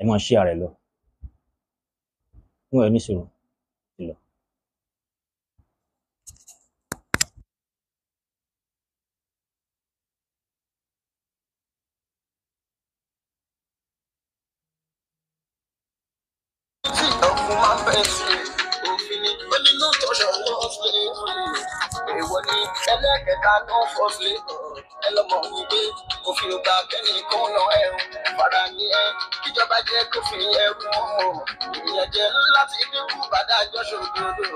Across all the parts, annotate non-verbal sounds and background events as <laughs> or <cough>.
ẹ máa ṣí ààrẹ lọ fún ẹ níṣòro. fọ́sílẹ̀ uh, ẹ lọ́mọ wípé òfin ò gbà kẹ́ni kan lọ ẹ̀rù fara ní ẹ kíjọba jẹ́ kófin ẹrù ọmọ ìyẹn jẹ́ láti dínkù bàdájọ́ ṣòdodo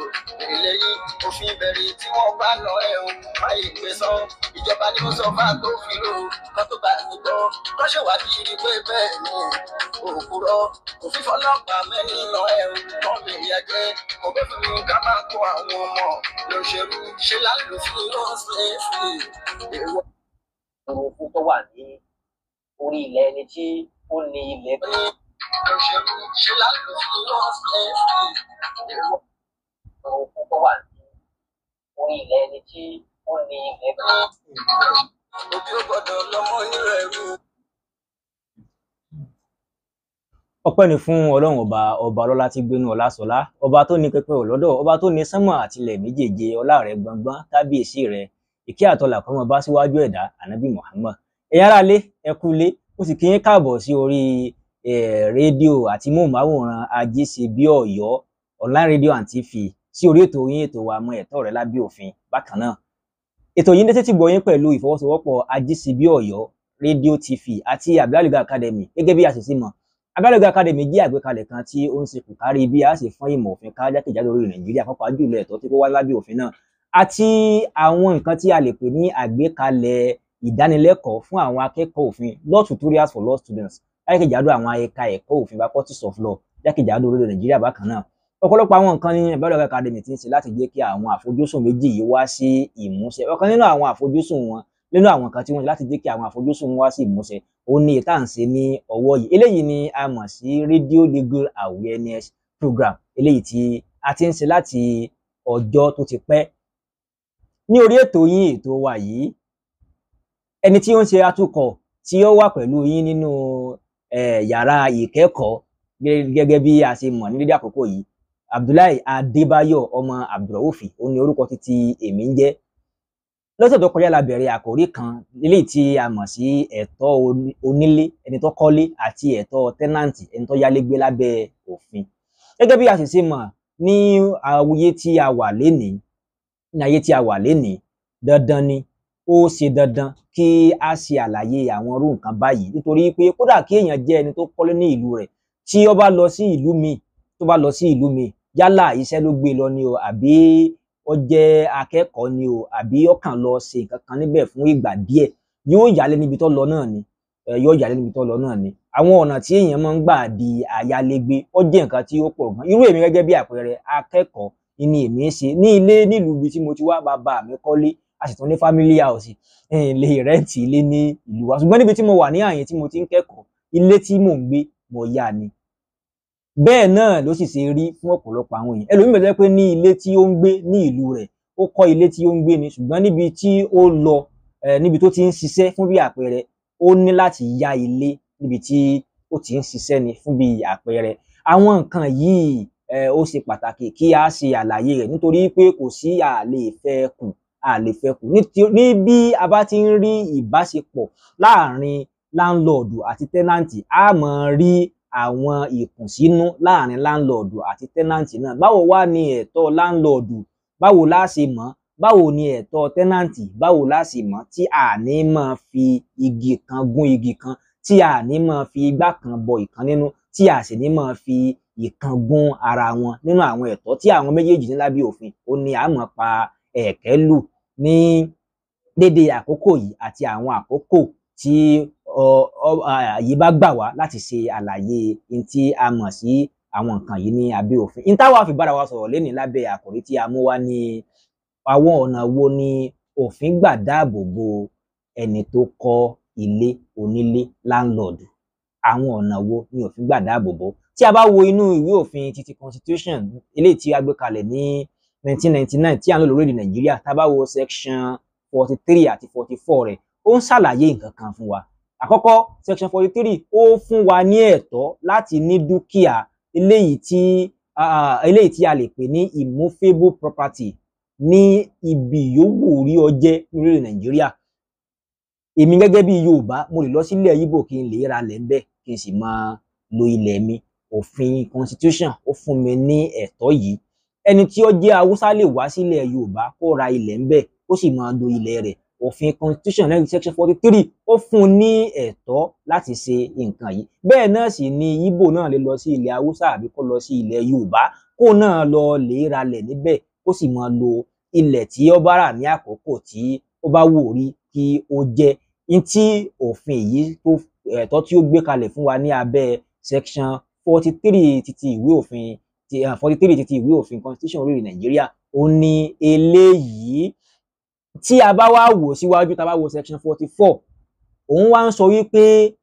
eléyìí òfin bẹ̀rẹ̀ tí wọ́n bá lọ ẹ̀rù máyì gbé sọ ìjọba ni ó sọ máa tó fi lò kó tó bá ní gbọ́ kó ṣèwádìí ni pé bẹ́ẹ̀ ni òkúrọ́ òfin fọlọ́pàá mẹ́rin lọ ẹ̀rù kọ́ mi ìyẹn jẹ́ òbẹ́fẹ́ mi ká máa kó àwọn ọmọ lọ́ṣẹ̀rú ṣe lálùfín lọ́sẹ̀ẹ́fẹ́ owó òfin tó wà ní orí ilẹ̀ ẹni tí ó ní ilẹ̀ tó. òfin tó wà ní orí ilẹ̀ ẹni tí ó ní ilẹ̀ tó. òbí ò gbọ́dọ̀ lọ́mọ onírọ̀ ọpẹ́ ni fún ọlọ́run ọba ọba ọlọ́lá tí gbénú ọlá sọlá ọba tó ní pẹpẹ ọlọ́dọ̀ ọba tó ní sánmọ̀ àtilẹ̀ méjèèje ọlá rẹ̀ gbọ̀ngbọ̀n kábíyèsí rẹ̀ ìkẹ́ àtọlà kọ́mọ bá síwájú ẹ̀dá anabi Muhammad ẹ̀yà ara lé ẹkúlé ó sì kí yín káàbọ̀ sí orí rédíò àti móhùnmáwòrán ajé ṣe bí Ọ̀yọ́ online radio and tv sí orí ètò yín ètò wa mọ ẹ̀tọ́ rẹ lábẹ́ òfin bákan náà ètò yìí ń dẹ́sẹ̀ ti gbọ́ yín pẹ̀lú ìfọwọ́sowọ́pọ̀ ajé ṣe bí Ọ̀yọ́ rédíò tv àti abdulaluga academy gẹ́gẹ́ bí a ṣe sí mọ̀ academy jẹ́ àgbékalẹ̀ kan tí ó ń ṣe kù kárí bí a ṣe fún ìmọ̀ òfin ká jákèjádò orí Nàìjíríà pàápàá jùlọ ẹ̀tọ́ tí kò wá lábẹ́ òfin náà àti àwọn nǹkan tí a lè pè ní àgbékalẹ̀ ìdánilẹ́kọ̀ọ́ fún àwọn akẹ́kọ̀ọ́ òfin law tutorials for law students jákèjádò àwọn ẹ̀ka ẹ̀kọ́ òfin faculties of law jákèjádò orílẹ̀ nàìjíríà bákan náà ọ̀pọ̀lọpọ̀ àwọn nǹkan ní ìbádọ́gba academy ti ń ṣe láti jẹ́ kí àwọn àfojúsùn méjì yìí wá sí ìmúṣẹ ọ̀kan nínú àwọn àfojúsùn wọn nínú àwọn nǹkan tí wọ́n ṣe láti jẹ́ kí àwọn àfojúsùn wá sí ìmúṣẹ òun ni ìta ń ṣe ní ọwọ́ yìí eléyìí ni a mọ̀ sí radio legal awareness program eléyìí tí a ti ń ṣe láti ọjọ́ tó ti pẹ́ ní orí ètò yín ètò wa yìí ẹni tí ó ń ṣe atukọ̀ tí ó wà pẹ̀lú yín nínú yàrá ìkẹ́kọ̀ọ́ gẹ́gẹ́ bí a ṣe mọ̀ ní àkókò yìí Abdullahi Adébáyọ̀ ọmọ Abdulraufi òun ni orúkọ títí èmi ń jẹ́ lọ́sẹ̀ tó kọjá la bẹ̀rẹ̀ àkòrí kan eléyìí tí a mọ̀ sí ẹ̀tọ́ onílé ẹni tó kọ́lé àti ẹ̀tọ́ tẹ́nàǹtì ẹni tó yálégbé lábẹ́ òfin gẹ́gẹ́ bí a sì ṣe mọ̀ ní àwòye tí a wà lénìí ní ayé tí a wà lénìí dandan ni ó ṣe dandan kí a ṣe àlàyé àwọn irú nǹkan báyìí nítorí pé kódà kí èèyàn jẹ́ ẹni tó kọ́lé ní ìlú rẹ̀ tí ó bá lọ sí ìlú míì tó bá lọ sí ìlú míì yálà iṣẹ́ ló gbé lọ ni o àbí ó jẹ́ akẹ́kọ̀ọ́ ni o àbí ó kàn lọ ṣe nǹkan kan níbẹ̀ fún ìgbà díẹ̀ yóò yálé níbi tó lọ náà ni yóò yálé níbi tó lọ náà ni àwọn ọ̀nà tí èèyàn máa ń gbà di àyálégbé ó jẹ́ nǹkan tí ó pọ̀ gan irú èmi gẹ́gẹ́ bí àpẹẹrẹ akẹ́kọ̀ọ́ ni èmi ń ṣe ní ilé nílùú ibi tí mo ti wá bàbá mi kọ́lé a sì tún ní family house lè rẹ́ǹtì ilé ní ìlú wa ṣùgbọ́n níbi tí mo wà ní àyè tí mo ti ń kẹ́kọ̀ọ́ ilé tí mò ń gbé mo yá ni bẹ́ẹ̀ náà ló sì ṣe rí fún ọ̀pọ̀lọpọ̀ àwọn èèyàn ẹlòmíì bẹ̀rẹ̀ pé ní ilé tí ó ń gbé ní ìlú rẹ̀ ó kọ́ ilé tí ó ń gbé ni ṣùgbọ́n níbi tí ó lọ níbi tó ti ń ṣiṣẹ́ fún bí àpẹẹrẹ ó ní láti yá ilé níbi tí ó ti ń ṣiṣẹ́ ni fún bí àpẹẹrẹ àwọn nǹkan yìí ó ṣe pàtàkì kí a ṣe àlàyé rẹ̀ nítorí pé kò sí àlè fẹ́ kù àlè fẹ́ kù ní bí a bá ti ń rí ìbáṣepọ̀ láàrin láńlọ́ọ̀dù àti tẹ́nàǹtì a máa rí àwọn ìkùnsínú láàrin láńlọ́ọ̀dù àti tẹ́nàǹtì náà báwo wá ni ẹ̀tọ́ láńlọ́ọ̀dù báwo la ṣe mọ̀ báwo ni ẹ̀tọ́ tẹ́nàǹtì báwo la ṣe mọ̀ tí a ní máa fi igi kan gún igi kan tí a ní máa fi igbá kan bọ ìkan nínú tí a sì ní máa fi ìkángun ara wọn nínú àwọn ẹ̀tọ́ tí àwọn méjèèjì ní lábẹ́ òfin ó ní àmọ́ pa ẹ̀kẹ́ lù ní dédé àkókò yìí àti àwọn àkókò tí ààyè bá gbà wá láti ṣe àlàyé n tí a mọ̀ sí àwọn nǹkan yìí ní abẹ́ òfin n táwa fi bára wa sọ̀rọ̀ lẹ́nìí lábẹ́ àkòrí tí a mú wá ní àwọn ọ̀nà wo ni òfin gbà dáàbò bo ẹni tó kọ́ ilé onílé láńlọ́ọ̀dù àwọn ọ̀nà wo ni òfin gbà dáàbò bo tí a bá wo inú ìwé òfin ti ti constitution eléyìí tí a gbé kalẹ̀ ní 1999 tí à ń lò lórílẹ̀ nàìjíríà tá a bá wo section 43 àti 44 rẹ̀ ó ń ṣàlàyé nǹkan kan fún wa àkọ́kọ́ section 43 ó fún wa ní ẹ̀tọ́ láti ní dúkìá eléyìí tí eléyìí tí a lè pè ní immovable property ní ibi yòówù orí ọjẹ́ lórílẹ̀ nàìjíríà èmi gẹ́gẹ́ bí yorùbá mo lè lọ sílẹ̀ yíbò kí n lè ra lẹ̀ kí n sì máa lo ilẹ̀ mi òfin constitution ó fún mi ní ẹ̀tọ́ yìí ẹni tí ó jẹ́ haúsá lè wá sílẹ̀ yorùbá kó ra ilẹ̀ ń bẹ̀ kó sì máa do ilẹ̀ rẹ̀ òfin constitution lẹ́yìn section forty three ó fún un ní ẹ̀tọ́ láti ṣe nǹkan yìí bẹ́ẹ̀ náà sì ni ibo náà lè lọ sí ilẹ̀ haúsá àbí kó lọ sí ilẹ̀ yorùbá kó náà lọ lè ralẹ̀ níbẹ̀ kó sì máa lo ilẹ̀ tí ó bá rà ní àkókò tí ó bá wù rí kí ó jẹ́ n tí òfin yìí tó ẹ̀tọ́ tí ó gbé kalẹ̀ fún wa ní abẹ́ section forty three títí ìwé òfin ah, forty three títí ìwé òfin constitution orílẹ̀ nàìjíríà ó ní eléyìí tí a bá wá wò síwájú tá a bá wò section forty four òun wá ń sọ wípé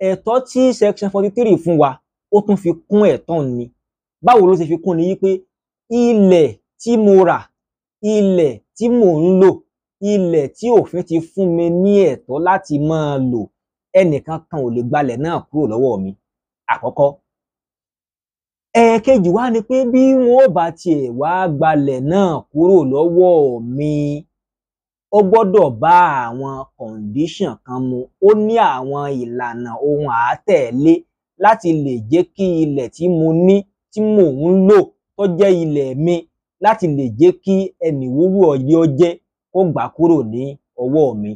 ẹ̀tọ́ tí section forty three fún wa ó tún fi kún ẹ̀tọ́ ni báwo ló ṣe fi kún ni wípé ilẹ̀ tí mo rà ilẹ̀ tí mò ń lò ilẹ̀ tí òfin ti fún mi ní ẹ̀tọ́ láti máa lò ẹnìkan kan ò lè gbalẹ̀ náà kúrò lọ́wọ́ mi àkọ́kọ́ ẹ̀ẹ̀kejì wá ni pé bí wọn ò bá tiẹ̀ wá gbalẹ̀ náà kúrò lọ́wọ́ mi ó gbọ́dọ̀ bá àwọn condition kan mu ó ní àwọn ìlànà ohun àátẹ̀lé láti lè jẹ́ kí ilẹ̀ tí mo ní tí mò ń lò tó jẹ́ ilẹ̀ mi láti lè jẹ́ kí ẹnì wúwú ọjọ́ jẹ́ kó gbà kúrò ní ọwọ́ mi.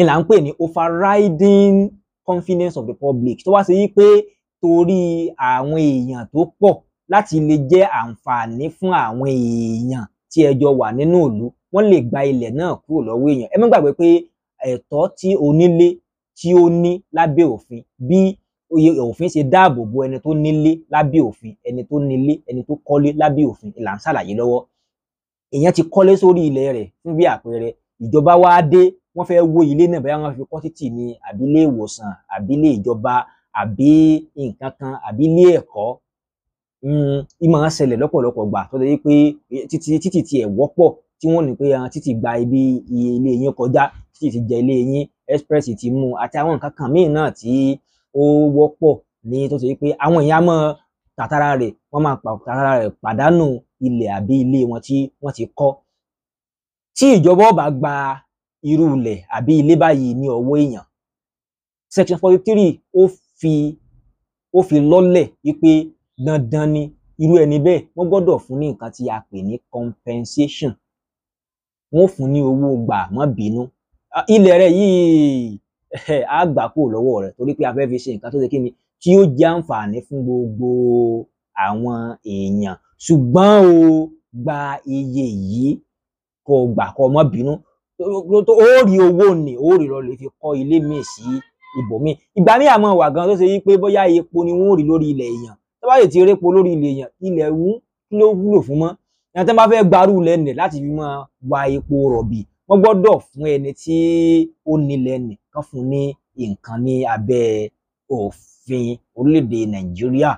Ìlà ń pè ní overriding confidence of the public tó wá sí yí torí àwọn èèyàn tó pọ̀ láti lè jẹ́ àǹfààní fún àwọn èèyàn tí ẹ wà nínú ìlú wọ́n lè gba ilẹ̀ náà kúrò lọ́wọ́ èèyàn ẹ má gbàgbé pé ẹ̀tọ́ tí onílé tí ó ní lábẹ́ òfin bí òfin ṣe dáàbò bo ẹni tó nílé lábẹ́ òfin ẹni tó nílé ẹni tó kọ́lé lábẹ́ òfin là ń ṣàlàyé lọ́wọ́ èèyàn ti kọ́lé sórí ilẹ̀ rẹ̀ fún bí àpẹẹrẹ ìjọba wá dé wọ́n fẹ́ wó ilé náà bóyá wọ́n fi kọ́ títì ní àbílẹ̀ ìwòsàn àbílẹ̀ ìjọba àbí nǹkan kan àbí ilé ẹ̀kọ́ ìmọ̀ hmm, ń ṣẹlẹ̀ lọ́pọ̀lọpọ̀ gbà tó lè pé títí títí ti ẹ̀ wọ́pọ̀ tí wọ́n ní pé ah, títí gba ibi ilé yín kọjá títí ti jẹ ilé yín express ti mú àti àwọn nǹkan kan míì náà tí ó wọ́pọ̀ ní tó ṣe pé àwọn èèyàn mọ́ tàtàrà rẹ̀ wọ́n máa tàtàrà rẹ̀ pàdánù ilẹ̀ àbí ilé wọn tí wọ́n ti kọ́ tí ìjọba bá gba irú ilẹ̀ àbí ilé báyìí ní ọwọ́ èèyàn section forty three ó fi ó fi lọ́lẹ̀ wípé dandan ni irú ẹni bẹ́ẹ̀ wọ́n gbọ́dọ̀ fún ní nǹkan tí a pè ní compensation wọ́n fún ní owó gbà má bínú ilẹ̀ rẹ yìí á gbà kúrò lọ́wọ́ rẹ torí pé a fẹ́ fi ṣe nǹkan tó ṣe kí ni tí ó jẹ́ àǹfààní fún gbogbo àwọn èèyàn ṣùgbọ́n o gba iye yìí kó gbà kó má bínú ó rí owó ni ó rí lọ fi kọ́ ilé míì sí ibòmíì ìgbà míì àmọ́ wà gan tó ṣe yí pé bóyá epo ni wọ́n rí lórí ilẹ̀ èèyàn tó bá yè ti répo lórí ilẹ̀ èèyàn ilẹ̀ ń kí ló wúlò fún mọ́ ẹni tó bá fẹ́ gbarú lẹ́nìí láti fi máa wa epo rọ̀bì wọ́n gbọ́dọ̀ fún ẹni tí ó nílẹ̀ nì kán fún ní nǹkan ní abẹ́ òfin orílẹ̀ Nàìjíríà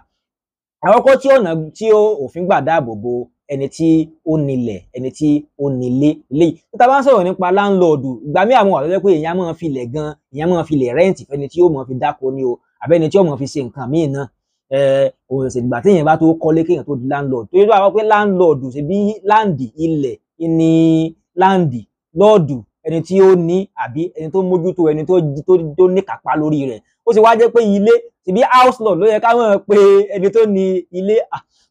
àkọ́kọ́ tí ọ̀nà tí òfin gbà dáàbò bo ẹni tí ó nílẹ̀ ẹni tí ó nílé léyìí níta bá ń sọ̀rọ̀ nípa láńlọ́ọ̀dù ìgbà míì àwọn àlọ́jọ́ pé èèyàn máa fi lẹ̀ gan èèyàn máa fi lẹ̀ rẹ́ǹtì fẹ́ni tí ó máa fi dáko ni o àbẹ́ni tí ó máa fi ṣe nǹkan míì náà òun ṣe ìgbà téèyàn bá tó kọ́lé kéèyàn tó di láńlọ́ọ̀dù torí wọ́n pé láńlọ́ọ̀dù ṣe bí láǹdì ilẹ̀ ní láǹdì lọ́ọ̀dù ẹni tí ó ní àbí ẹni tó mójútó ẹni tó ní kápá lórí rẹ̀ ó sì wá jẹ́ pé ilé tìbí house lord ló yẹ káwọn pé ẹni tó ní ilé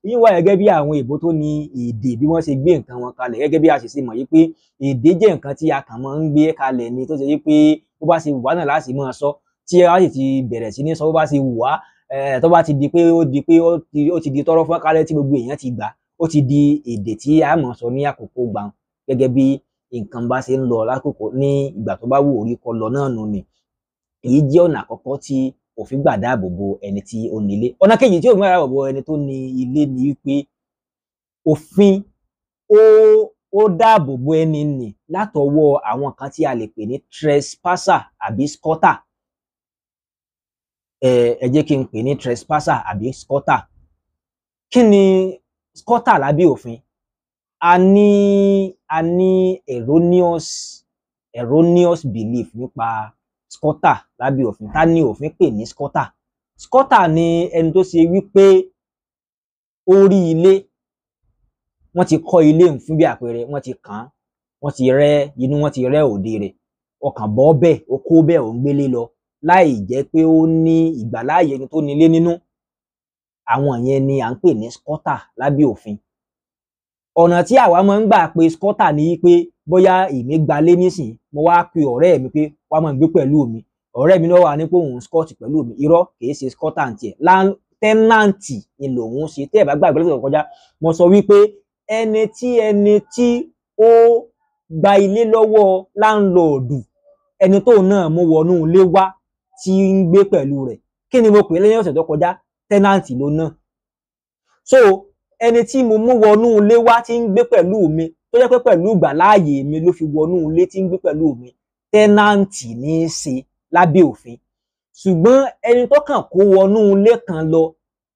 yìí wà gẹ́gẹ́ bí àwọn èèbó tó ní èdè bí wọ́n ṣe gbé nǹkan wọn kalẹ̀ gẹ́gẹ́ bí a sì ṣe mọ̀ yìí pé èdè jẹ́ nǹkan tí a kàn máa ń gbé kalẹ̀ ni tó ṣe yìí pé bó bá ṣe wà náà láti máa sọ tí a sì ti bẹ̀rẹ̀ sí ní sọ bó bá ṣe wà tó bá ti di pé ó di pé ó ti di tọrọ fún kálẹ̀ tí gbogbo èèyàn ti gbà ó ti di èdè tí a máa sọ ní àkókò gbà gẹ́gẹ́ bí nǹkan bá ṣe ń lọ lákòókò ní ìgbà tó bá wù orí kọ lọ náà nù ni èyí jẹ́ ọ̀nà àkọ́kọ́ tí òfin gbà dáàbò bo ẹni tí ó ní ilé ọ̀nà kejì tí òfin gbà dáàbò bo ẹni tó ní ilé ni wípé òfin ó ó dáàbò bo ẹni nì látọwọ́ àwọn kan tí a lè pè ní trespasser àbí squatter ẹ ẹ jẹ́ kí n pè ní trespasser àbí squatter kí ni squatter lábẹ́ òfin a ní a ní erroneous erroneous belief nípa squatter lábẹ́ òfin ta ni òfin pè ní squatter squatter ni ẹni tó ṣe wípé orí ilé wọ́n ti kọ́ ilé fún bí àpẹẹrẹ wọ́n ti kàn án wọ́n ti rẹ́ inú wọ́n ti rẹ́ òde rẹ̀ ọkàn bọ́ bẹ́ẹ̀ ó kó bẹ́ẹ̀ ó ń gbélé lọ láì jẹ́ pé ó ní ìgbàláàyè ẹni tó nílé nínú àwọn yẹn ni à ń pè ní squatter lábẹ́ òfin ọ̀nà tí àwa máa ń gbà pé squatter ni pé bóyá èmi gbalé nísìn mo wá pe ọ̀rẹ́ mi pé wàá máa gbé pẹ̀lú mi ọ̀rẹ́ mi náà wà ní pé òun scott pẹ̀lú mi irọ́ kì í ṣe scott àǹtí ẹ̀ tẹ́nàǹtì ni lòun ṣe tẹ́ ẹ̀ bá gbàgbé lọ́sọ̀rọ̀ kọjá mo sọ wípé ẹni tí ẹni tí ó gba ilé lọ́wọ́ láńlọ́ọ̀dù ẹni tó náà mú wọnú ilé wá tí ń gbé pẹ̀lú rẹ̀ kí mo pè lẹ́yìn ọ̀sẹ̀ tó kọjá tẹ́nàǹtì ló náà so ẹni tí mo mú wọnú ilé wá tí ń gbé pẹ̀lú mi tó jẹ́ pé pẹ̀lú ìgbàláàyè mi ló fi wọnú ilé tí ń gbé pẹ̀lú mi tẹ́nàǹtì ní í ṣe lábẹ́ òfin ṣùgbọ́n ẹni tó kàn kó wọnú ilé kan lọ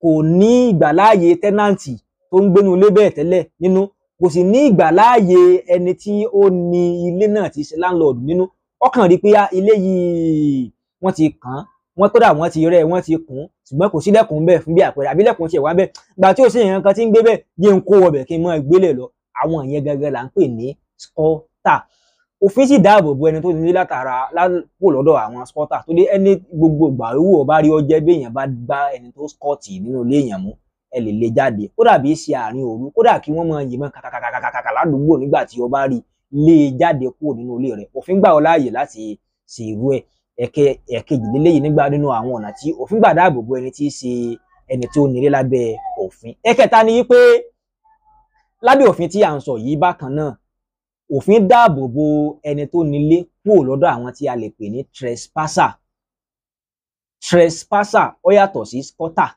kò ní ìgbàláàyè tẹ́nàǹtì tó ń gbénu ilé bẹ́ẹ̀ tẹ́lẹ̀ nínú kò sì ní ìgbàláàyè ẹni tí ó ní ilé náà ti ṣe láńlọ́ọ̀dù nínú ọkàn rí pé ah, ilé yìí wọ́n ti kàn án wọ́n kódà wọ́n ti rẹ́ wọ́n ti kùn ṣùgbọ́n kò sí lẹ́kùn bẹ́ẹ̀ fún bí àpẹẹrẹ àbí lẹ́kùn tiẹ̀ wá bẹ́ẹ̀ gbà tí ó sì yẹn kan tí ń gbé bẹ́ẹ̀ yé ń kó wọbẹ̀ kí n mọ́ ẹgbẹ́lẹ̀ lọ àwọn ìyẹn gangan là ń pè ní skọ́tà òfin sì dáàbò bo ẹni tó nílé látara lápò lọ́dọ̀ àwọn skọ́tà tó dé ẹni gbogbo ìgbà owó ọba rí ọjẹ́ béèyàn bá gbá ẹni tó skọ́ọ̀tì nínú ilé èèyàn mú ẹ lè lè jáde kódà bí í ṣe àárín òru kódà kí wọ́n máa yìnbọn kàkàkàkàkà ládùúgbò nígbà tí ọba rí lé e jáde kúrò nínú ilé rẹ̀ òfin gbà ọ láàyè láti ṣe irú ẹ̀ ẹ̀kẹ́ ẹ̀kejìléléyìí nígbà nínú àwọn ọ̀nà tí òfin gbà dáàbò bo ẹni tí ṣe ẹni tó nílé lábẹ́ òfin ẹ̀kẹta ni wípé lábẹ́ òfin tí à ń sọ yìí bákan náà òfin dáàbò bo ẹni tó nílé kúrò lọ́dọ̀ àwọn tí a lè pè ní trespasser trespasser ó yàtọ̀ sí squatter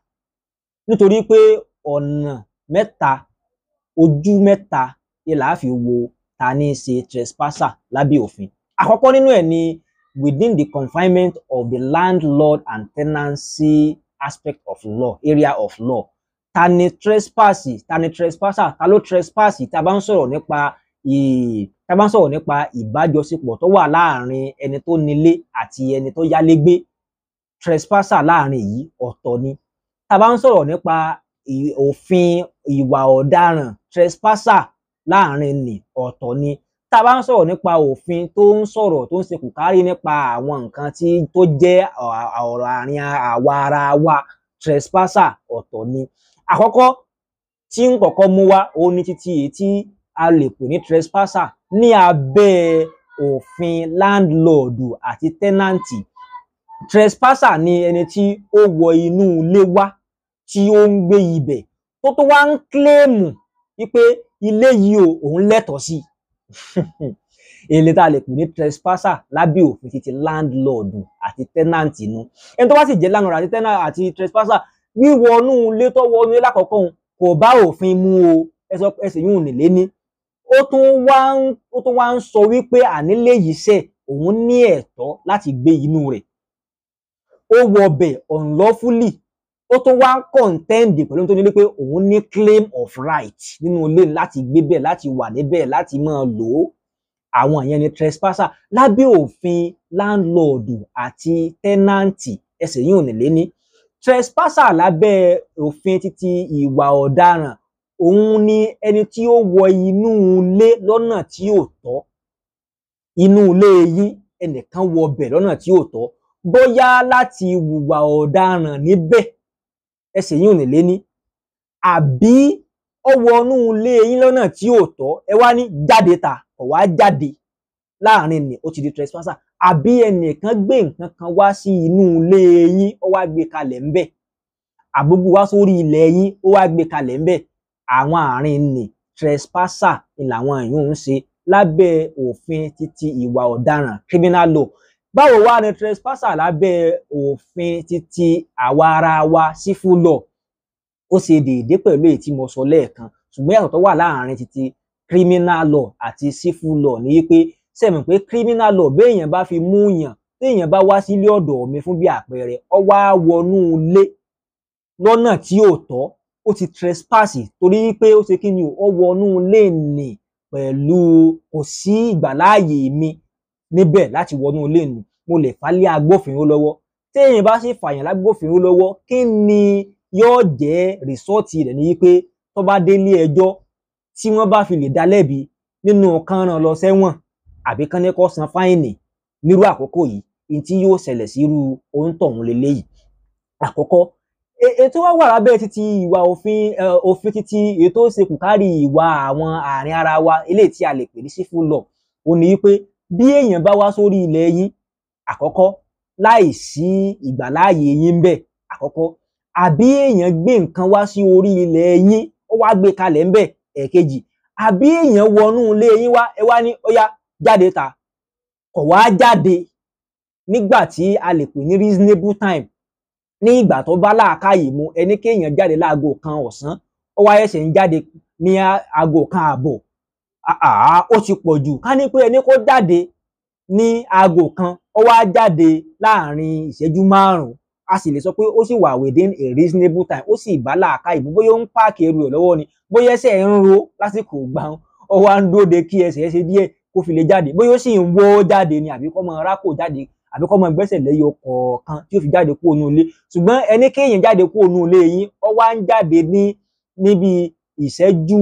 nítorí pé ọ̀nà mẹ́ta ojú mẹ́ta ilà á fi wo ta ní í ṣe trespasser lábẹ́ òfin àkọ́kọ́ nínú ẹ̀ ni within the confinement of the landlord and tenancy aspect of law area of law ta ni trespass ta ni trespasser ta ló trespass ta bá ń sọ̀rọ̀ nípa tá a bá ń sọ̀rọ̀ nípa ìbájọsepọ̀ tó wà láàrin ẹni tó nílé àti ẹni tó yálégbé trespasser láàrin yìí ọ̀tọ̀ ni tá a bá ń sọ̀rọ̀ nípa òfin ìwà ọ̀daràn trespasser láàrin ni ọ̀tọ̀ ni tá a bá ń sọ̀rọ̀ nípa òfin tó ń sọ̀rọ̀ tó ń ṣe nípa àwọn nǹkan tó jẹ́ ọ̀rọ̀ àárín àwa ara wa trespasser ọ̀tọ̀ ni àkọ́kọ́ tí ń kọ́kọ́ mú wa ó ní títí tí a lè pè ní trespasser ní abẹ́ òfin láńlọ́ọ̀dù àti tẹ́nàǹtì trespasser ni ẹni tí ó wọ inú ilé wá tí ó ń gbé ibẹ̀ tó tó wá ń kílèmù wípé ilé yìí o òun lẹ́tọ̀ọ́ sí <laughs> èlé tá a lè pè ní trespasser lábẹ́ òfin ti ti láńlọ́ọ̀dù àti tẹ́nàǹtì nu ẹni tó bá sì jẹ́ láńlọ́ọ̀dù àti tẹ́nàǹtì àti trespasser wíwọnú ilé tó wọnú ilé lákọ̀ọ́kọ́ kò bá òfin mu o ẹ sọ ẹsẹ̀ nílé ní ó tún wá ń ó tún wá ń sọ wípé ànílé yìí ṣe òun ní ẹ̀tọ́ láti gbé inú rẹ̀ ó wọbẹ̀ unlawfully ó tún wá ń contend pẹ̀lú tó ní pé òun ní claim of right nínú ilé láti gbé bẹ́ẹ̀ láti wà níbẹ̀ láti máa lò ó àwọn ìyẹn ni trespasser lábẹ́ òfin láńlọ́ọ̀dù àti tẹ́nàǹtì ẹsẹ̀ yìí ò ní lé ní trespasser lábẹ́ òfin títí ìwà ọ̀daràn òun ni ẹni tí ó wọ inú ilé lọ́nà tí ò tọ́ inú ilé yín ẹnìkan wọ ọbẹ̀ lọ́nà tí ò tọ́ bóyá láti hùwà ọ̀daràn níbẹ̀ ẹsẹ̀ yín ò ní lé ní àbí ó wọnú ilé yín lọ́nà tí ò tọ́ ẹ wá ní jáde ta kò wá jáde láàrin ni ó ti di trespasser àbí ẹnìkan gbé nǹkan kan wá sí inú ilé yín ó wá gbé kalẹ̀ ńbẹ̀ àbúgbù wá sórí ilẹ̀ yín ó wá gbé kalẹ̀ ńbẹ̀ àwọn àárín nì trespasser ni làwọn èèyàn ń ṣe lábẹ́ òfin títí ìwà ọ̀daràn criminal law báwo wá ni trespasser lábẹ́ òfin títí àwa ara wa civil law ó ṣe déédéé pẹ̀lú èyí tí mo sọ lẹ́ẹ̀kan ṣùgbọ́n yàtọ̀ tó wà láàárín títí criminal law àti civil law ni pé sẹ́mi pé criminal law béèyàn bá fi mú yàn téèyàn bá wá sílé ọ̀dọ̀ mi fún bí àpẹẹrẹ ó wá wọnú ilé lọ́nà tí ò tọ́ ó ti trespass torí pé ó ṣe kí ni ó wọnú léènì pẹ̀lú kò sí ìgbàláàyè mi níbẹ̀ láti wọnú léènì mo lè fà á lé agbófinró lọ́wọ́ téèyàn bá ṣe fàyàn lágbófinró lọ́wọ́ kí ni yóò jẹ́ rìsọ́ọ̀tì rẹ̀ ni wípé tó bá délé ẹjọ́ tí wọ́n bá fi lè dá lẹ́bi nínú kánran lọ sẹ́wọ̀n àbí kán ní kó san fáìnì nírú àkókò yìí ní tí yóò ṣẹlẹ̀ sí irú ohun tọ̀hún leléyìí àkọ́kọ́ ètò wa wà lábẹ́ títí ìwà òfin òfin títí ètò ìṣekù kárí ìwà àwọn àárín ara wa eléyìí tí a lè pè ní sífù lọ ò ní pé bí èèyàn bá wá sórí ilẹ̀ yín àkọ́kọ́ láì sí ìgbàláàyè yín bẹ̀ àkọ́kọ́ àbí èèyàn gbé nǹkan wá sí orí ilẹ̀ yín ó wá gbé kalẹ̀ ń bẹ̀ ẹ̀ẹ̀kejì àbí èèyàn wọnú ilé yín wá ẹ wá ní ó jáde ta kọ̀ wá jáde nígbà tí a lè pè ní reasonable time ní ìgbà tó bá làákàyè mu ẹni kéèyàn jáde láago kan ọ̀sán ó wá ẹsẹ̀ ń jáde ní aago kan ààbọ̀ ó ti pọ̀ jù ká ní pé ẹni kó jáde ní aago kan ó wá jáde láàrin ìṣẹ́jú márùn-ún a sì lè sọ pé ó sì wà within a reasonable time ó sì bá làákàyè mu bóyá ó ń páàkì ẹrù ẹ̀ lọ́wọ́ ni bóyá ẹsẹ̀ ń ro lásìkò gbàùn ó wá ń dúró kí ẹsẹ̀ ṣe díẹ̀ kó fi lè jáde bóyá ó sì ń wó jáde ni àbí kó máa rákò jáde àbí kọ́ mọ ìgbésẹ̀ lẹ́yìn ọkọ̀ kan tí ó fi jáde kúrò nínú ilé ṣùgbọ́n ẹni kéèyàn jáde kúrò nínú ilé yín ó wá ń jáde ní níbi ìṣẹ́jú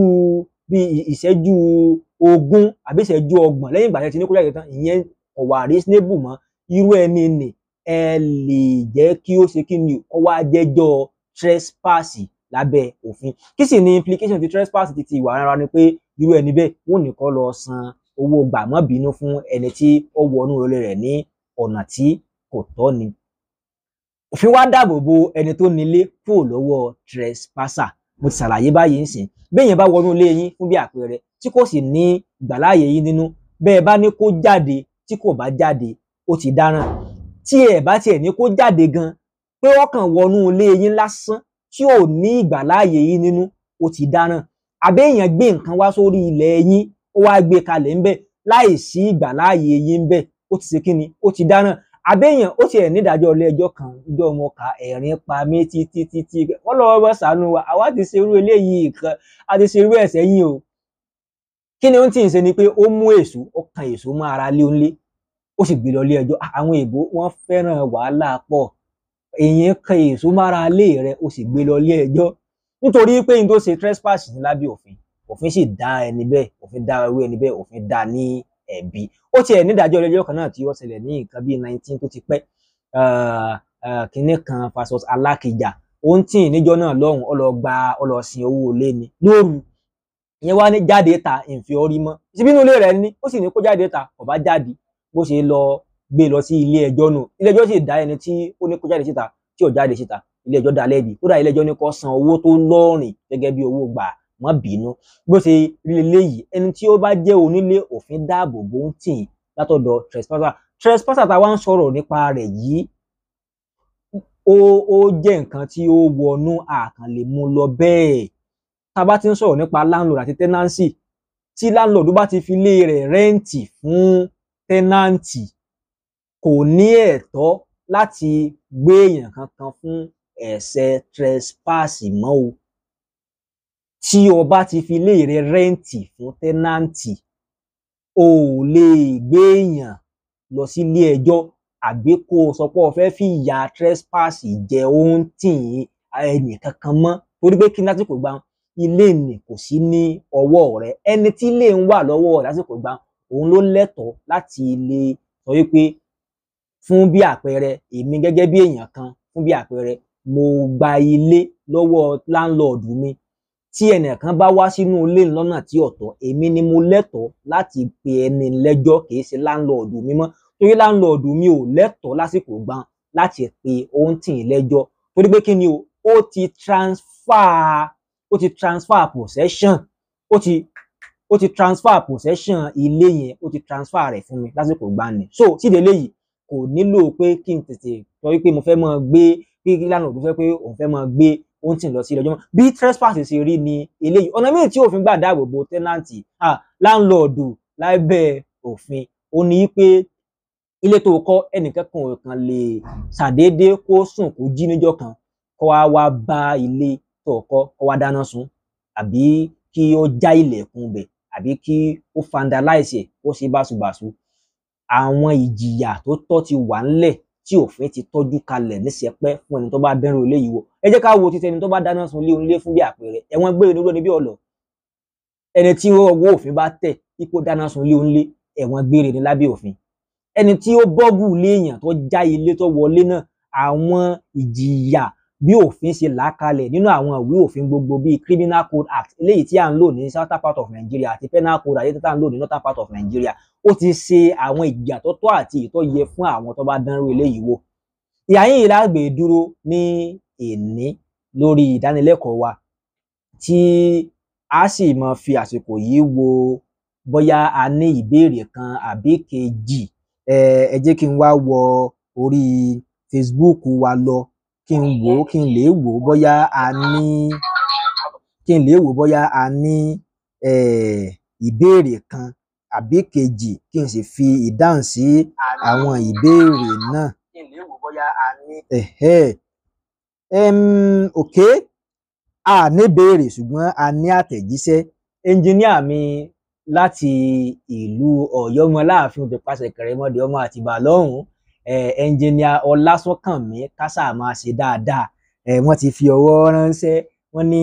bíi ìṣẹ́jú ogún àbí ìṣẹ́jú ọgbọ̀n lẹ́yìn ìgbà tí ní kó jáde tán ìyẹn kò wà reasonable mọ́ irú ẹni nì ẹ lè jẹ́ kí ó ṣe kí ni kó wá jẹ́jọ́ trespass lábẹ́ òfin kí sì ni implication ti trespass ti ti ìwà ara ni pé irú ẹni bẹ́ẹ̀ wọ́n nìkan lọ san owó gbàmọ́bínú fún ẹni tí ó wọnú ilé rẹ̀ ní ọ̀nà tí kò tọ́ ni. òfin wá dáàbò bo ẹni tó nílé kúrò lọ́wọ́ trespasser mo ti ṣàlàyé báyìí nsìn béèyàn bá wọnú ilé yín fún bí àpẹẹrẹ tí kò sì ní ìgbàláàyè yín nínú bẹ́ẹ̀ bá ní kó jáde tí kò bá jáde ó ti dáràn tí ẹ bá tiẹ̀ ní kó jáde gan pé ọkàn wọnú ilé yín lásán tí ò ní ìgbàláàyè yín nínú ó ti dáràn àbẹ́yàn gbé nǹkan wá sórí ilẹ̀ yín ó wá gbé kalẹ̀ ńbẹ̀ láì sí ìgbàláàyè yín ńbẹ̀ ó ti ṣe kíni ó ti dáná abẹ́yàn ó tiẹ̀ nídàájọ́ ilé ẹjọ́ kan ìjọ ọmọ ọkà ẹ̀rín pa mí títí títí wọ́n lọ́wọ́ bọ́ sànú wa àwa ti ṣe irú eléyìí kan a ti ṣe irú ẹ̀sẹ̀ yìí o kí ni ó ti ń ṣe ni pé ó mú èso ó kan èso mọ́ ara lé ó ń lé ó sì gbé lọ ilé ẹjọ́ àwọn èèbó wọ́n fẹ́ràn wàhálà pọ̀ èèyàn kan èso mára lé rẹ̀ ó sì gbé lọ ilé ẹjọ́ nítorí pé n tó ṣe trespass ní lábẹ́ òfin òfin sì dá ẹni bẹ́ẹ̀ òfin dá ẹni bẹ́ẹ̀ òfin dá ní ẹ̀bi ó tiẹ̀ nídàájọ́ ilé-ẹjọ́ kan náà tí ó ṣẹlẹ̀ ní nǹkan bíi nineteen tó ti pẹ́ kínní kan versus alákìjà ó ń tìǹ níjọ́ náà lọ́hùn ó lọ gba ó lọ sin owó ilé ni lóru ìyẹn wá ní jáde ta ìfẹ́ orí mọ́ síbí inú ilé rẹ̀ ni ó sì ní kó jáde ta ó bá jáde bó ṣe lọ gbé lọ sí ilé ẹjọ́ nù ilé ẹjọ́ sì dá ẹni tí ó ní kó jáde síta tí ò jáde síta ilé ẹjọ́ dá lẹ́bi kódà ilé ẹjọ́ ní kó san owó tó lọ́rìn gẹ́gẹ́ bí owó gbà má bínú bó ṣe rí eléyìí ẹni tí ó bá jẹ́ onílé òfin dáàbò bò ń tì látọ̀dọ̀ trespasser trespasser tá a wá ń sọ̀rọ̀ nípa rẹ̀ yìí ó ó jẹ́ nǹkan tí ó wọnú àkànlè mú lọ bẹ́ẹ̀ tá a bá ti ń sọ̀rọ̀ nípa landlord àti tenancy tí landlord bá ti fi ilé rẹ̀ rẹ́ǹtì fún tẹ́nàǹtì kò ní ẹ̀tọ́ láti gbé èèyàn kankan fún ẹ̀ṣẹ̀ trespass mọ́ o tí o bá ti fi ilé rẹ rẹ́ǹtì fún tẹ́náǹtì o ò lè gbé èèyàn lọ sílé ẹjọ́ àbí kó o sọ pé o fẹ́ fi ìyà trespass jẹ ohun tì í ẹnìkankan mọ́ torí pé kí n lásìkò gbà ilé nì kò sí ní ọwọ́ rẹ ẹni tí ilé ń wà lọ́wọ́ lásìkò gbà òun ló lẹ́tọ̀ọ́ láti lè sọ wípé fún bí àpẹẹrẹ èmi gẹ́gẹ́ bí èèyàn kan fún bí àpẹẹrẹ mo gba ilé lọ́wọ́ láńlọ́ọ̀dù mi tí ẹnìkan bá wá sínú ilé lọ́nà tí ọ̀tọ̀ èmi ni mo lẹ́tọ̀ọ́ láti pe ẹni lẹ́jọ́ kìí ṣe láńlọ́ọ̀dù mi mọ́ torí láńlọ́ọ̀dù mi ò lẹ́tọ̀ọ́ lásìkò gbọ́n láti pe ohun tì í lẹ́jọ́ torí pé kí ni o ó ti transfer ó ti transfer possession ó ti ó ti transfer possession ilé yẹn ó ti transfer rẹ̀ fún mi lásìkò gbọ́n so sídìí eléyìí kò nílò pé kí n tètè sọ wípé mo fẹ́ máa gbé kí lánàá fẹ́ pé òun fẹ́ máa gbé ó ń tì lọ sí ilé ọjọ́ bí trespass ṣe rí ni eléyìí ọ̀nà míì tí òfin gbà dáàbò bo tẹ́nàntì láńlọ́ọ̀dù lábẹ́ òfin ó ní pé ilé tó kọ́ ẹnìkan kan ò kàn lè ṣàdédé kó sùn kó jí níjọ́ kan kó wá wá bá ilé tó kọ́ kó wá dáná sun àbí kí ó já ilẹ̀kùn bẹ̀ àbí kí ó vandalize ẹ̀ kó ṣe báṣubàṣu àwọn ìjìyà tó tọ́ ti wà ńlẹ̀ tí òfin ti tọ́jú kalẹ̀ níṣẹpẹ́ fún ẹni tó bá dẹrù ilé yìí wò ẹ jẹ́ ká wo títẹni tó bá dáná sun ilé onílé fún bí àpẹẹrẹ ẹ̀wọ̀n gbére ní olóòní bí ọlọ ẹni tí ọwọ́ òfin bá tẹ̀ ipò dáná sun ilé onílé ẹ̀wọ̀n gbére ní lábẹ́ òfin ẹni tí ó bọ́gù léèyàn tó já ilé tó wọlé náà àwọn ìjìyà bí òfin ṣe là kalẹ̀ nínú àwọn ìwé òfin gbogbo bíi criminal code act eléyìí tí à ń lò ní southern part of Nigeria àti penal code àti tí à ń lò ní northern part of Nigeria ó ti ṣe àwọn ìjìyà tó tọ́ àti ìtọ́ yẹ fún àwọn tó bá dánrú eléyìí wò ìyá yìí lágbè dúró ní èní lórí ìdánilẹ́kọ̀ọ́ wa tí a sì máa fi àsìkò yìí wo bóyá a ní ìbéèrè kan àbí kejì ẹ jẹ́ kí n wá wọ orí Facebook wa lọ kí n wò ó kí n lè wò ó bóyá a ní kí n lè wò ó bóyá a ní ìbéèrè kan àbí kejì kí n sì fi ìdáhùn sí àwọn ìbéèrè náà. òkè a ní béèrè ṣùgbọ́n a ní àtẹ̀jíṣẹ́ ẹnjiníà mi láti ìlú Ọ̀yọ́ ọmọ Aláàfin òde pàṣẹ kẹrẹmọdé ọmọ Àtìbà lọ́hùnún ẹnjiníà Ọlásọkànmí kásà máa ṣe dáadáa wọ́n ti fi ọwọ́ ránṣẹ́ wọ́n ní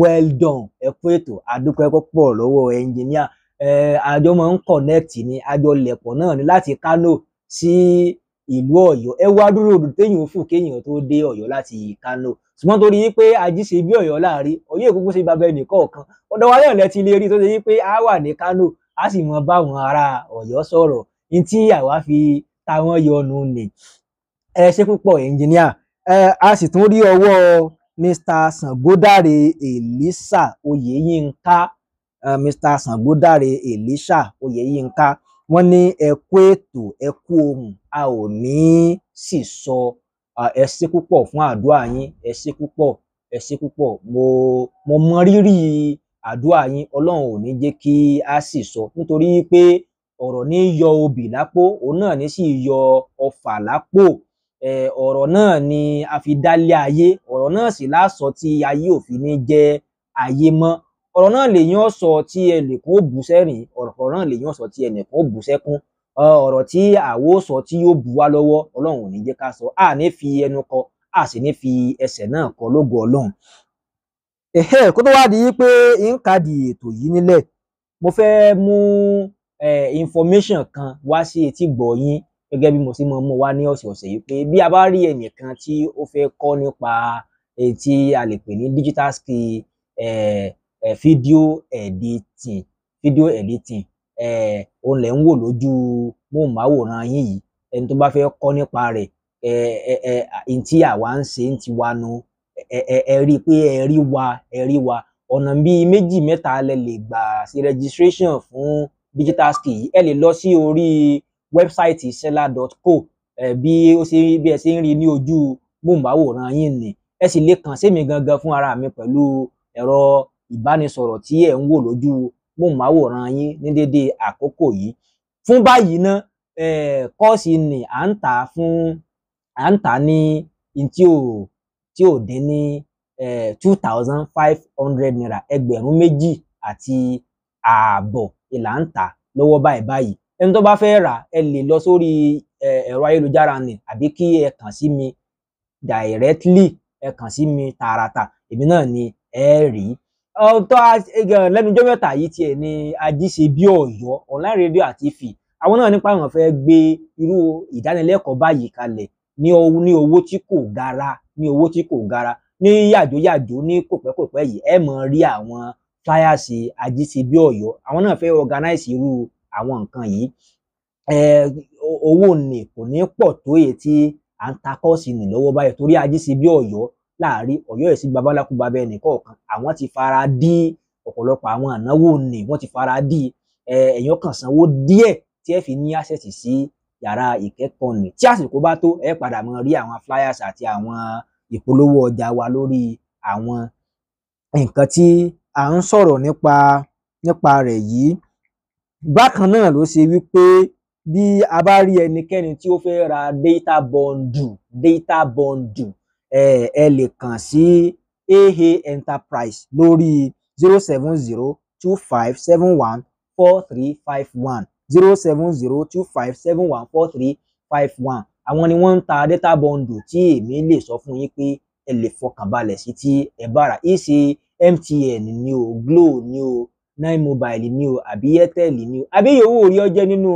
well done ẹ kú ètò àdúpẹ́ púpọ̀ lọ́wọ́ ẹnjiníà àjọ máa ń connect ni àjọ lẹ̀pọ̀ náà ni láti Kano sí ìlú Ọ̀yọ́ ẹ wá dúró odò téèyàn fò kéèyàn tó dé Ọ̀yọ́ láti Kano ṣùgbọ́n torí pé ají ṣe bí Ọ̀yọ́ láàrin Ọ̀yọ́ ìkókó ṣe bàbá ẹnì kọ̀ọ̀kan ọ̀dọ̀ wa náà lẹ ti lè rí tó ṣe yí pé a wà ní Kano a sì mọ báwọn ará Ọ̀yọ́ sọ̀rọ̀ ní tí àwa fi táwọn yọnu nì ẹ ṣe púpọ̀ ẹnjìníà ẹ a sì tún rí ọwọ́ Mr Sangodare Elisa Oyeyinka Eh, Mr. Sangodare Elisha Oyeyinka wọ́n ní ẹ kú ètò ẹ kú ohun a ò ní sì sọ ah, ẹ ṣé púpọ̀ fún àdúrà yín ẹ ṣé púpọ̀ ẹ mo mo mọ rírì àdúrà yín Ọlọ́run ò ní jẹ́ kí a sì sọ nítorí pé ọ̀rọ̀ ní yọ obì lápò òun náà ní sì yọ ọfà lápò ọ̀rọ̀ náà ni a fi dálé ayé ọ̀rọ̀ náà sì lásọ tí ayé òfin ní jẹ́ ayé mọ́ ọ̀rọ̀ náà lèyìn ọsọ tí ẹnìkan ó bù sẹ́rìn ọ̀rọ̀ náà lèyìn ọsọ tí ẹnìkan ó bù sẹ́kún ọ̀rọ̀ tí àwo sọ tí yóò bù wá lọ́wọ́ Ọlọ́run ò ní jẹ́ ká sọ a ní fi ẹnu kọ a sì ní fi ẹsẹ̀ náà kọ lógo Ọlọ́run kó tó wá di pé n kàdì ètò yìí nílẹ̀ mo fẹ́ mú information kan wá sí etí gbọ́ yín gẹ́gẹ́ bí mo sì mọ mú wá ní ọ̀sẹ̀ọ̀sẹ̀ yìí pé bí a bá rí ẹnìkan tí ó fẹ́ kọ́ nípa èyí a lè pè ní digital skill eh, fídíò editing fídíò editing eh, òun lẹ̀ ń wò lójú móhùnmáwòrán yín yìí ẹni tó bá fẹ́ kọ́ nípa rẹ̀ n tí àwa ń ṣe ń ti wa nu ẹ rí i pé ẹ rí wa ẹ rí wa ọ̀nà bíi méjì mẹ́ta lẹ lè gbà sí registration fún digital ski yìí ẹ lè lọ sí orí wẹ́bsáìtì seller.co bí ó ṣe bí ẹ ṣe ń rí ní ojú móhùnmáwòrán yín ni ẹ sì lè kàn sí mi gangan fún ara mi pẹ̀lú ẹ̀rọ ìbánisọ̀rọ̀ tí ẹ̀ ń wò lójú móhùnmáwòrán yín ní dédé àkókò yìí fún báyìí ná kọ́ọ̀sì ni à ń tà fún à ń tà ní tí ò tí ò dín ní two thousand five hundred naira ẹgbẹ̀rún méjì àti ààbọ̀ ìlà ń tà lọ́wọ́ báyìí báyìí ẹni tó bá fẹ́ rà ẹ lè lọ sórí ẹ̀rọ ayélujára ni àbí kí ẹ kàn sí mi directly ẹ kàn sí mi tààràtà èmi náà ni ẹ rí i ọtọ lẹ́nujọ́ mẹ́ta yìí tiẹ̀ ni ajíṣe bí Ọ̀yọ́ online radio àti ifi àwọn náà nípa àwọn fẹ́ gbé irú ìdánilẹ́kọ̀ọ́ báyìí kalẹ̀ ní owó tí kò gara ní owó tí kò gara ní yàjóyàjó ní kòpẹ́kòpẹ́ yìí ẹ mọ̀ rí àwọn fáyàsì ajíṣe bí Ọ̀yọ́ àwọn náà fẹ́ organize irú àwọn nǹkan yìí owó ni kò ní pọ̀ tó èyí tí à ń takọ́ sí ni lọ́wọ́ báyìí torí ajíṣe bí Ọ̀yọ́ láàrin ọ̀yọ́ ẹ̀sìn babalákúba bẹ́ẹ̀ nìkọ̀ọ̀kan àwọn ti fara dí ọ̀pọ̀lọpọ̀ àwọn ànáwó ni wọ́n ti fara dí ẹ̀yàn kan sanwó díẹ̀ tí ẹ fi ní access sí yàrá ìkẹ́kọ̀ọ́ ni tí àsìkò bá tó ẹ padà mọ rí àwọn flyers àti àwọn ìpolówó ọjà wa lórí àwọn nǹkan tí à ń sọ̀rọ̀ nípa nípa rẹ̀ yìí bákan náà ló ṣe wípé bí a bá rí ẹnikẹ́ni tí ó fẹ́ ra data bundle data bundle ẹ lè kàn sí aa enterprise lórí zero seven zero two five seven one four three five one zero seven zero two five seven one four three five one àwọn ni wọ́n ń ta data bundle tí èmi lè sọ fún yín pé ẹ lè fọkànbalẹ̀ sí tí ẹ bá rà MTN ni o Glo ni o Nine Mobile ni o àbí Airtel ni o àbí yòówù orí ọjẹ́ nínú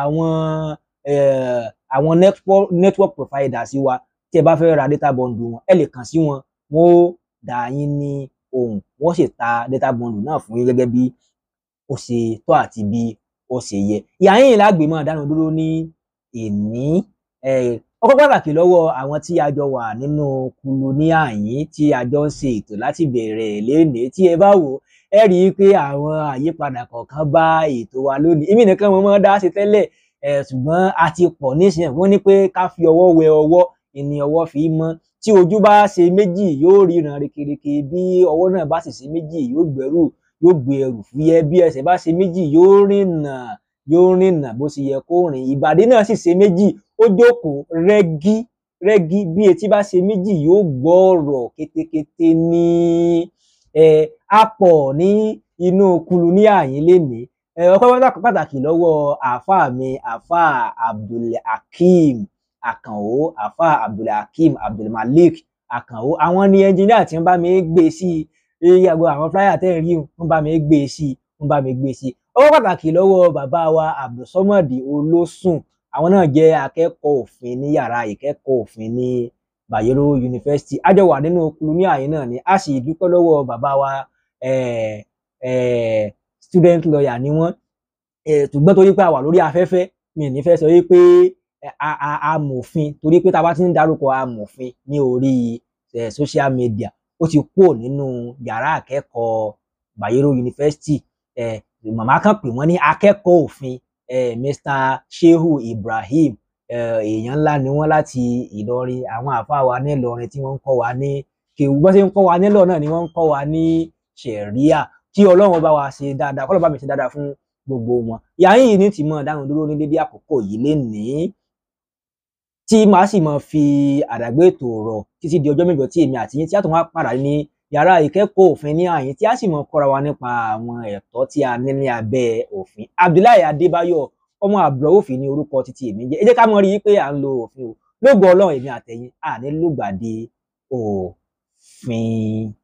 àwọn àwọn network providers wa tí ẹ bá fẹ́ ra data bundle wọn ẹ lè kàn sí wọn wọn ó dá yín ní ohùn wọn sì ta data bundle náà fún yín gẹ́gẹ́ bí ó ṣe tọ́ àti bí ó ṣe yẹ ìyá yín lágbè máa dánu dúró ní èní ọkọ pàtàkì lọ́wọ́ àwọn tí a jọ wà nínú kulu ní àyín tí a jọ ń ṣe ètò láti bẹ̀rẹ̀ lénìí tí ẹ bá wò ẹ rí i pé àwọn àyípadà kọ̀ọ̀kan bá ètò wa lónìí èmi nìkan mo máa dá ṣe tẹ́lẹ̀ ṣùgbọ́n a ti pọ̀ níṣẹ́ wọ́n ní pé ká fi ọwọ́ wẹ ọwọ́ ìní ọwọ́ fi mọ́ tí ojú bá ṣe méjì yóò ríran rekereke bí ọwọ́ náà bá sì ṣe méjì yóò gbẹ́rù yóò gbé ẹrù fúyẹ́ bí ẹsẹ̀ bá ṣe méjì yóò rìnà yóò rìnà bó ṣe yẹ kó rìn ìbàdí náà sì ṣe méjì ó jókòó rẹ́gí rẹ́gí bí etí bá ṣe méjì yóò gbọ́ ọ̀rọ̀ kétékété ní ẹ apọ̀ ní inú kulu ní àyín lénìí ọpẹ́ pàtàkì lọ́wọ́ àáfàá mi àáfàá Abdulhakeem àkànó afa abdulhakeem abdulmalik àkànó àwọn ni ẹnjìníà tí ń bá mi gbé sí i eré àgọ àwọn flyer tẹ́ ẹ̀ rí ń bá mi gbé sí i ń bá mi gbé sí i ọwọ́ pàtàkì lọ́wọ́ bàbá wa abdulsomadi olósùn àwọn náà jẹ́ akẹ́kọ̀ọ́ òfin ní yàrá ìkẹ́kọ̀ọ́ òfin ní bayero university a jọ wà nínú kulunia yìí náà ni a sì dúpẹ́ lọ́wọ́ bàbá wa eh, eh, student lawyer ni wọ́n ṣùgbọ́n torí pé a wà lórí afẹ́fẹ́ mi ní fẹ́ sọ wípé amòfin torí pé tá a bá ti ń darúkọ amòfin ní orí social media ó ti kúrò nínú yàrá akẹ́kọ̀ọ́ Bayero University màmá kan pè wọ́n ní akẹ́kọ̀ọ́ òfin Mr. Shehu Ibrahim èèyàn ńlá ni wọ́n láti Ìlọrin àwọn àfa wa ní Ìlọrin tí wọ́n ń kọ́ wa ní kéwú bó ṣe ń kọ́ wa nílọ náà ni wọ́n ń kọ́ wa ní ṣẹ̀ríà kí Ọlọ́run bá wa ṣe dáadáa kọlọ bá mi ṣe dáadáa fún gbogbo wọn yàrá yìí ní tìmọ dáhùn dúró ní dédé àkókò yìí lénìí tí màá sì máa fi àdàgbé ètò ọ̀rọ̀ títí di ọjọ́ mẹ́jọ tí èmi àti yín tí a tún wá padà ní yàrá ìkẹ́kọ̀ọ́ òfin ní àyín tí a sì máa kọ́ra wa nípa àwọn ẹ̀tọ́ tí a ní ní abẹ́ òfin Abdullahi Adébáyọ̀ ọmọ àbúrò òfin ní orúkọ títí èmi jẹ́ ẹ jẹ́ ká mọ̀ rí i pé à ń lo òfin o lógo Ọlọ́run èmi àtẹ̀yin àní lùgbàdì òfin.